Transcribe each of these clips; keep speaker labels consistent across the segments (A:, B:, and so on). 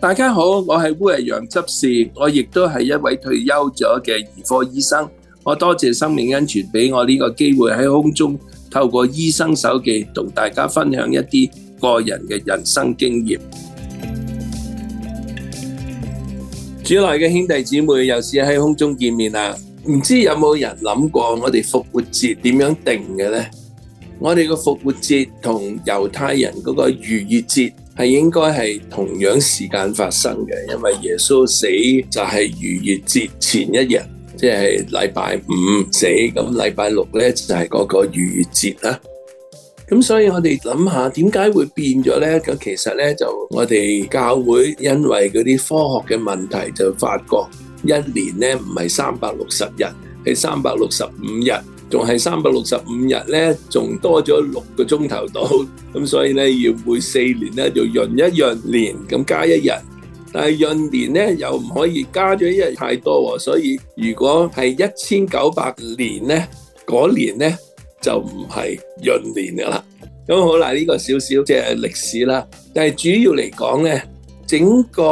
A: 大家好，我係烏日陽執事，我亦都係一位退休咗嘅兒科醫生。我多謝生命恩泉俾我呢個機會，喺空中透過醫生手記，同大家分享一啲個人嘅人生經驗。主內嘅兄弟姊妹，又是喺空中見面啦。唔知有冇人諗過我哋復活節點樣定嘅呢？我哋嘅復活節同猶太人嗰個逾越節。係應該係同樣時間發生嘅，因為耶穌死就係逾越節前一日，即係禮拜五死，咁禮拜六呢就係嗰個逾越節啦。咁所以我哋諗下，點解會變咗呢？咁其實呢就我哋教會因為嗰啲科學嘅問題，就發覺一年呢唔係三百六十日，係三百六十五日。仲係三百六十五日咧，仲多咗六個鐘頭到，咁所以咧要每四年咧就閏一閏年，咁加一日。但係閏年咧又唔可以加咗一日太多喎，所以如果係一千九百年咧，嗰年咧就唔係閏年噶啦。咁好啦，呢個少少即係歷史啦。但係主要嚟講咧，整個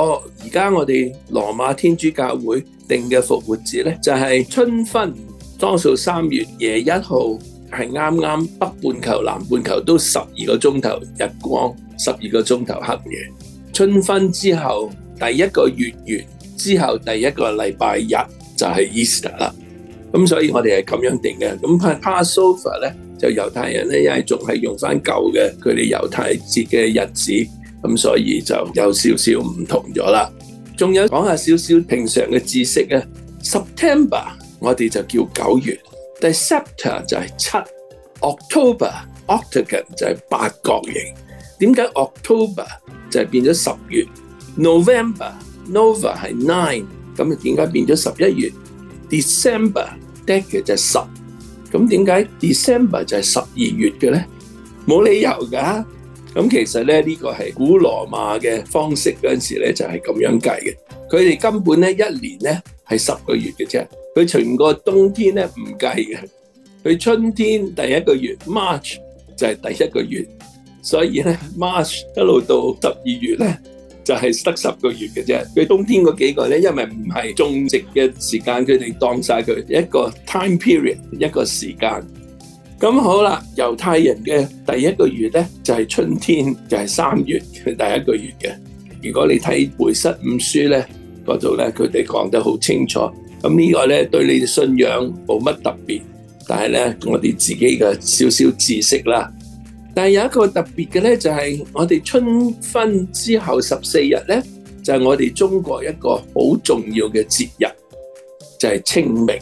A: 而家我哋羅馬天主教會定嘅復活節咧，就係春分。多數三月廿一號係啱啱北半球、南半球都十二個鐘頭日光、十二個鐘頭黑夜。春分之後第一個月圓之後，第一個禮拜日就係 Easter 啦。咁所以我哋係咁樣定嘅。咁 Passover 咧就猶太人咧，因為仲係用翻舊嘅佢哋猶太節嘅日子，咁所以就有少少唔同咗啦。仲有講下少少平常嘅知識啊，September。我哋就叫九月，September 就係七，October、Octagon 就係八角形。點解 October 就係變咗十月？November、Nova 係 nine，咁啊？點解變咗十一月？December、Dec 就係十，咁點解 December 就係十二月嘅咧？冇理由噶。咁其實咧，呢個係古羅馬嘅方式嗰陣時咧，就係咁樣計嘅。佢哋根本咧一年咧係十個月嘅啫。佢成個冬天咧唔計嘅，佢春天第一個月 March 就係第一個月，所以咧 March 一路到十二月咧就係得十個月嘅啫。佢冬天嗰幾個咧，因為唔係種植嘅時間，佢哋當曬佢一個 time period 一個時間。咁好啦，猶太人嘅第一個月咧就係春天，就係三月嘅第一個月嘅。如果你睇梅瑟五書咧嗰度咧，佢哋講得好清楚。咁呢個咧對你信仰冇乜特別，但係咧我哋自己嘅少少知識啦。但係有一個特別嘅咧，就係我哋春分之後十四日咧，就係我哋中國一個好重要嘅節日，就係清明。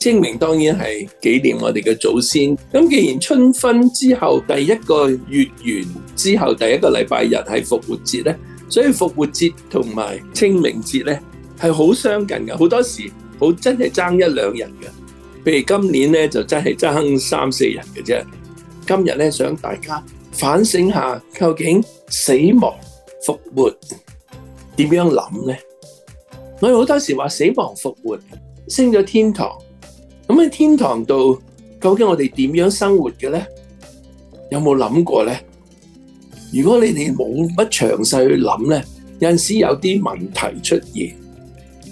A: 清明當然係紀念我哋嘅祖先。咁既然春分之後第一個月圓之後第一個禮拜日係復活節咧，所以復活節同埋清明節咧，係好相近噶，好多時好真係爭一兩日噶。譬如今年咧就真係爭三四日嘅啫。今日咧想大家反省下，究竟死亡復活點樣諗咧？我哋好多時話死亡復活升咗天堂，咁喺天堂度究竟我哋點樣生活嘅咧？有冇諗過咧？如果你哋冇乜詳細去諗咧，有陣時有啲問題出現。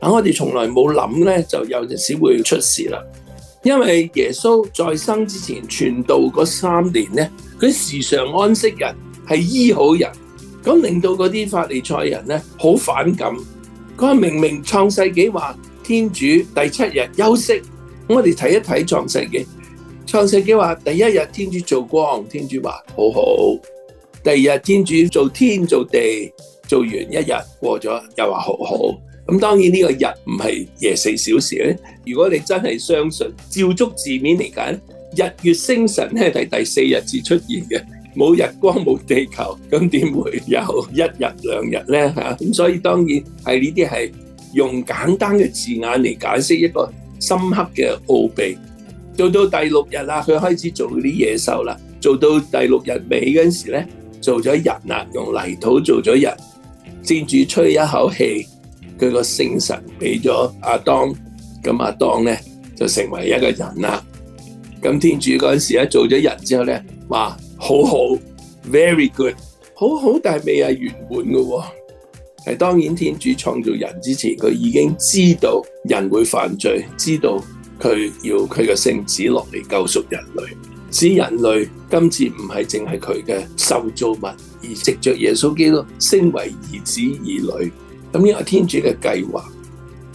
A: 我哋從來冇諗咧，就有時會出事啦。因為耶穌在生之前傳道嗰三年咧，佢時常安息人，係醫好人，咁令到嗰啲法利賽人咧好反感。佢話明明創世紀話天主第七日休息，咁我哋睇一睇創世紀。創世紀話第一日天主做光，天主話好好。第二日天主做天做地，做完一日過咗又話好好。咁當然呢個日唔係廿四小時咧。如果你真係相信，照足字面嚟解，日月星辰咧係第四日至出現嘅，冇日光冇地球，咁點會有一日兩日咧嚇？咁所以當然係呢啲係用簡單嘅字眼嚟解釋一個深刻嘅奧秘。到到第六日啊，佢開始做啲野獸啦。做到第六日尾嗰陣時咧，做咗人啦，用泥土做咗人，先至吹一口氣，佢個聖神俾咗阿當，咁阿當咧就成為一個人啦。咁天主嗰陣時咧做咗人之後咧話好好 very good，好好但係未係圓滿嘅喎。係當然天主創造人之前，佢已經知道人會犯罪，知道佢要佢嘅聖子落嚟救贖人類，使人類今次唔係淨係佢嘅受造物，而藉着耶穌基督升為兒子兒女。咁呢個天主嘅計劃，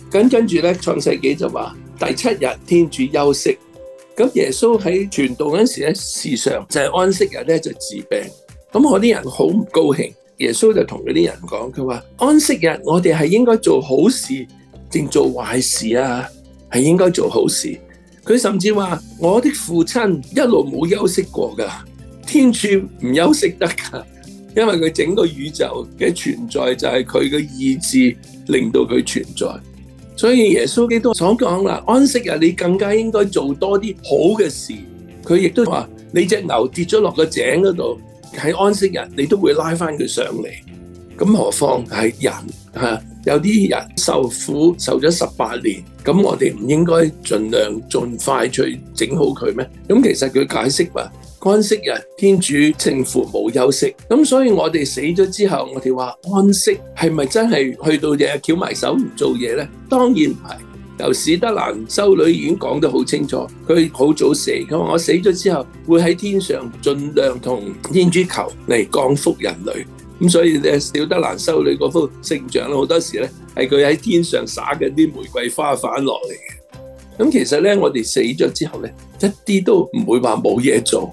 A: 咁跟住咧創世紀就話第七日天主休息，咁耶穌喺傳道嗰陣時咧，時常就係、是、安息日咧就治病。咁我啲人好唔高興，耶穌就同嗰啲人講，佢話安息日我哋係應該做好事定做壞事啊？係應該做好事。佢、啊、甚至話我的父親一路冇休息過噶，天主唔休息得噶。因為佢，整個宇宙嘅存在就係佢嘅意志令到佢存在，所以耶穌基督所講啦，安息日你更加應該做多啲好嘅事。佢亦都話你隻牛跌咗落個井嗰度，喺安息日你都會拉翻佢上嚟。咁何況係人嚇？有啲人受苦受咗十八年，咁我哋唔應該盡量盡快去整好佢咩？咁其實佢解釋話安息日天主聖父無休息，咁所以我哋死咗之後，我哋話安息係咪真係去到嘢翹埋手唔做嘢呢？當然唔係。由史德蘭修女已經講得好清楚，佢好早死，佢話我死咗之後會喺天上盡量同天主求嚟降福人類。咁所以咧，小德蘭修女嗰幅聖像咧，好多時咧係佢喺天上撒緊啲玫瑰花瓣落嚟嘅。咁其實咧，我哋死咗之後咧，一啲都唔會話冇嘢做，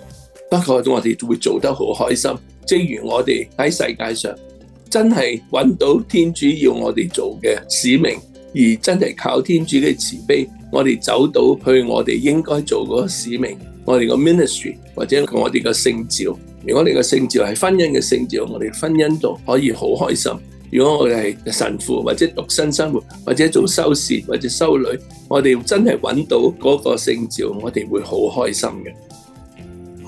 A: 不過我哋會做得好開心。正如我哋喺世界上真係揾到天主要我哋做嘅使命，而真係靠天主嘅慈悲，我哋走到去我哋應該做嗰使命，我哋個 ministry 或者我哋個聖召。如果你嘅聖召係婚姻嘅聖召，我哋婚姻度可以好開心。如果我哋係神父或者獨身生活，或者做修士或者修女，我哋真係揾到嗰個聖召，我哋會好開心嘅。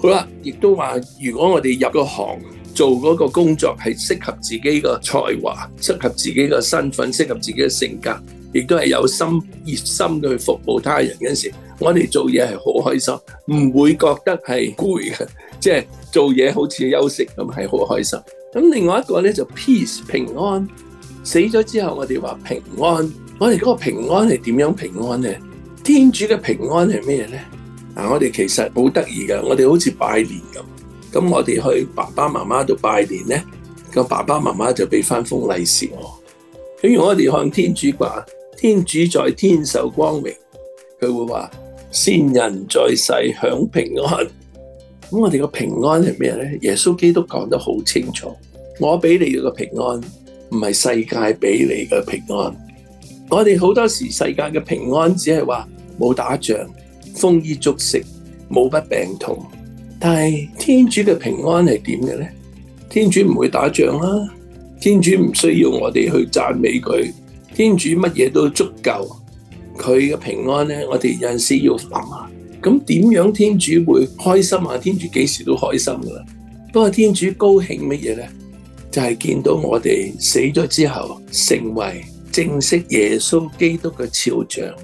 A: 好啦，亦都話，如果我哋入個行做嗰個工作係適合自己個才華，適合自己個身份，適合自己嘅性格。亦都係有心熱心去服務他人嗰陣時，我哋做嘢係好開心，唔會覺得係攰嘅，即係做嘢好似休息咁係好開心。咁另外一個咧就 peace 平安，死咗之後我哋話平安。我哋嗰個平安係點樣平安咧？天主嘅平安係咩咧？嗱、啊，我哋其實好得意㗎，我哋好似拜年咁。咁我哋去爸爸媽媽度拜年咧，個爸爸媽媽就俾翻封利是我。假如我哋向天主講。天主在天受光榮，佢會話先人在世享平安。噉我哋個平安係咩呢？耶穌基督講得好清楚，我畀你的平安唔係世界畀你的平安。我哋好多時世界嘅平安只係話冇打仗、豐衣足食、冇不病痛。但係天主嘅平安係點嘅呢？天主唔會打仗啦、啊，天主唔需要我哋去讚美佢。天主乜嘢都足夠，佢嘅平安呢，我哋有陣時要諗下，咁點樣天主會開心啊？天主幾時都開心噶啦。不過天主高興乜嘢呢？就係見到我哋死咗之後，成為正式耶穌基督嘅肖像。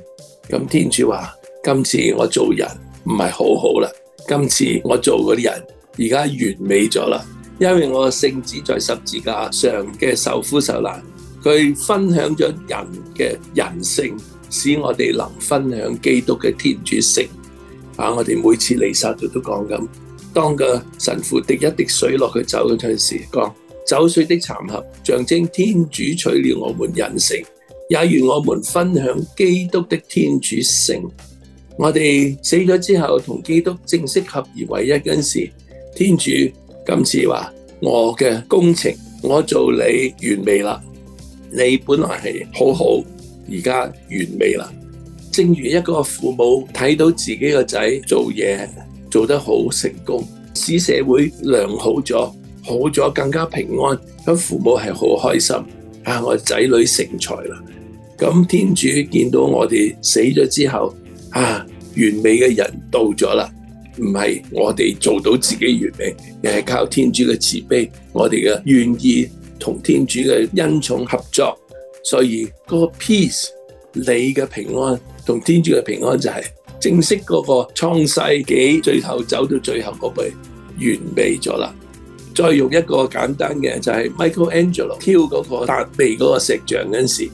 A: 咁天主話：今次我做人唔係好好啦，今次我做嗰啲人而家完美咗啦，因為我聖子在十字架上嘅受苦受難。佢分享咗人嘅人性，使我哋能分享基督嘅天主性。啊！我哋每次彌撒度都講緊，當個神父滴一滴水落去酒嗰陣時，講，酒水的殘合，象徵天主取了我們人性，也如我們分享基督的天主性。我哋死咗之後同基督正式合而為一嗰陣時，天主今次話：「我嘅工程，我做你完美啦。你本來係好好，而家完美啦。正如一個父母睇到自己個仔做嘢做得好成功，使社會良好咗，好咗更加平安，咁父母係好開心啊！我仔女成才啦。咁天主見到我哋死咗之後啊，完美嘅人到咗啦，唔係我哋做到自己完美，而係靠天主嘅慈悲，我哋嘅願意。同天主嘅恩寵合作，所以嗰個 peace，你嘅平安同天主嘅平安就係、是、正式嗰個創世紀最後走到最後嗰步，完美咗啦。再用一個簡單嘅就係、是、Michael Angelo 挑嗰、那個搭庇嗰個石像嗰時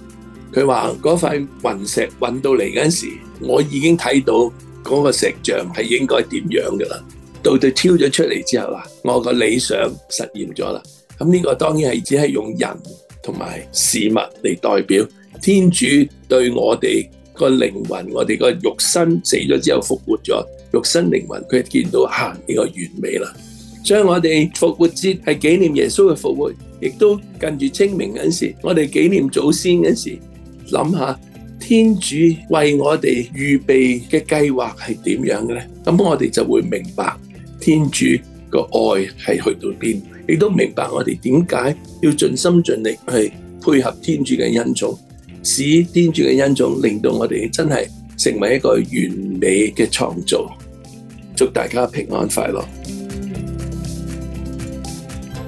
A: 候，佢話嗰塊雲石運到嚟嗰時候，我已經睇到嗰個石像係應該點樣嘅啦。到佢挑咗出嚟之後啊，我個理想實現咗啦。咁呢個當然係只係用人同埋事物嚟，代表天主對我哋個靈魂、我哋個肉身死咗之後復活咗，肉身靈魂佢見到啊呢個完美啦。所以我哋復活節係紀念耶穌嘅復活，亦都近住清明嗰時，我哋紀念祖先嗰時，諗下天主為我哋預備嘅計劃係點樣嘅咧，咁我哋就會明白天主。個愛係去到邊，你都明白我哋點解要盡心盡力去配合天主嘅恩寵，使天主嘅恩寵令到我哋真係成為一個完美嘅創造。祝大家平安快樂。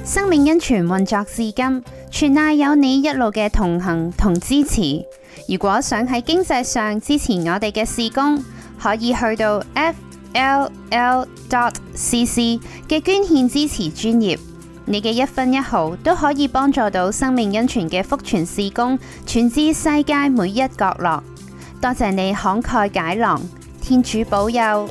A: 生命恩泉運作至今，全賴有你一路嘅同行同支持。如果想喺經濟上支持我哋嘅事工，可以去到 F。L L dot C C 嘅捐獻支持專業，你嘅一分一毫都可以幫助到生命恩泉嘅福傳事工，傳至世界每一角落。多謝你慷慨解囊，天主保佑。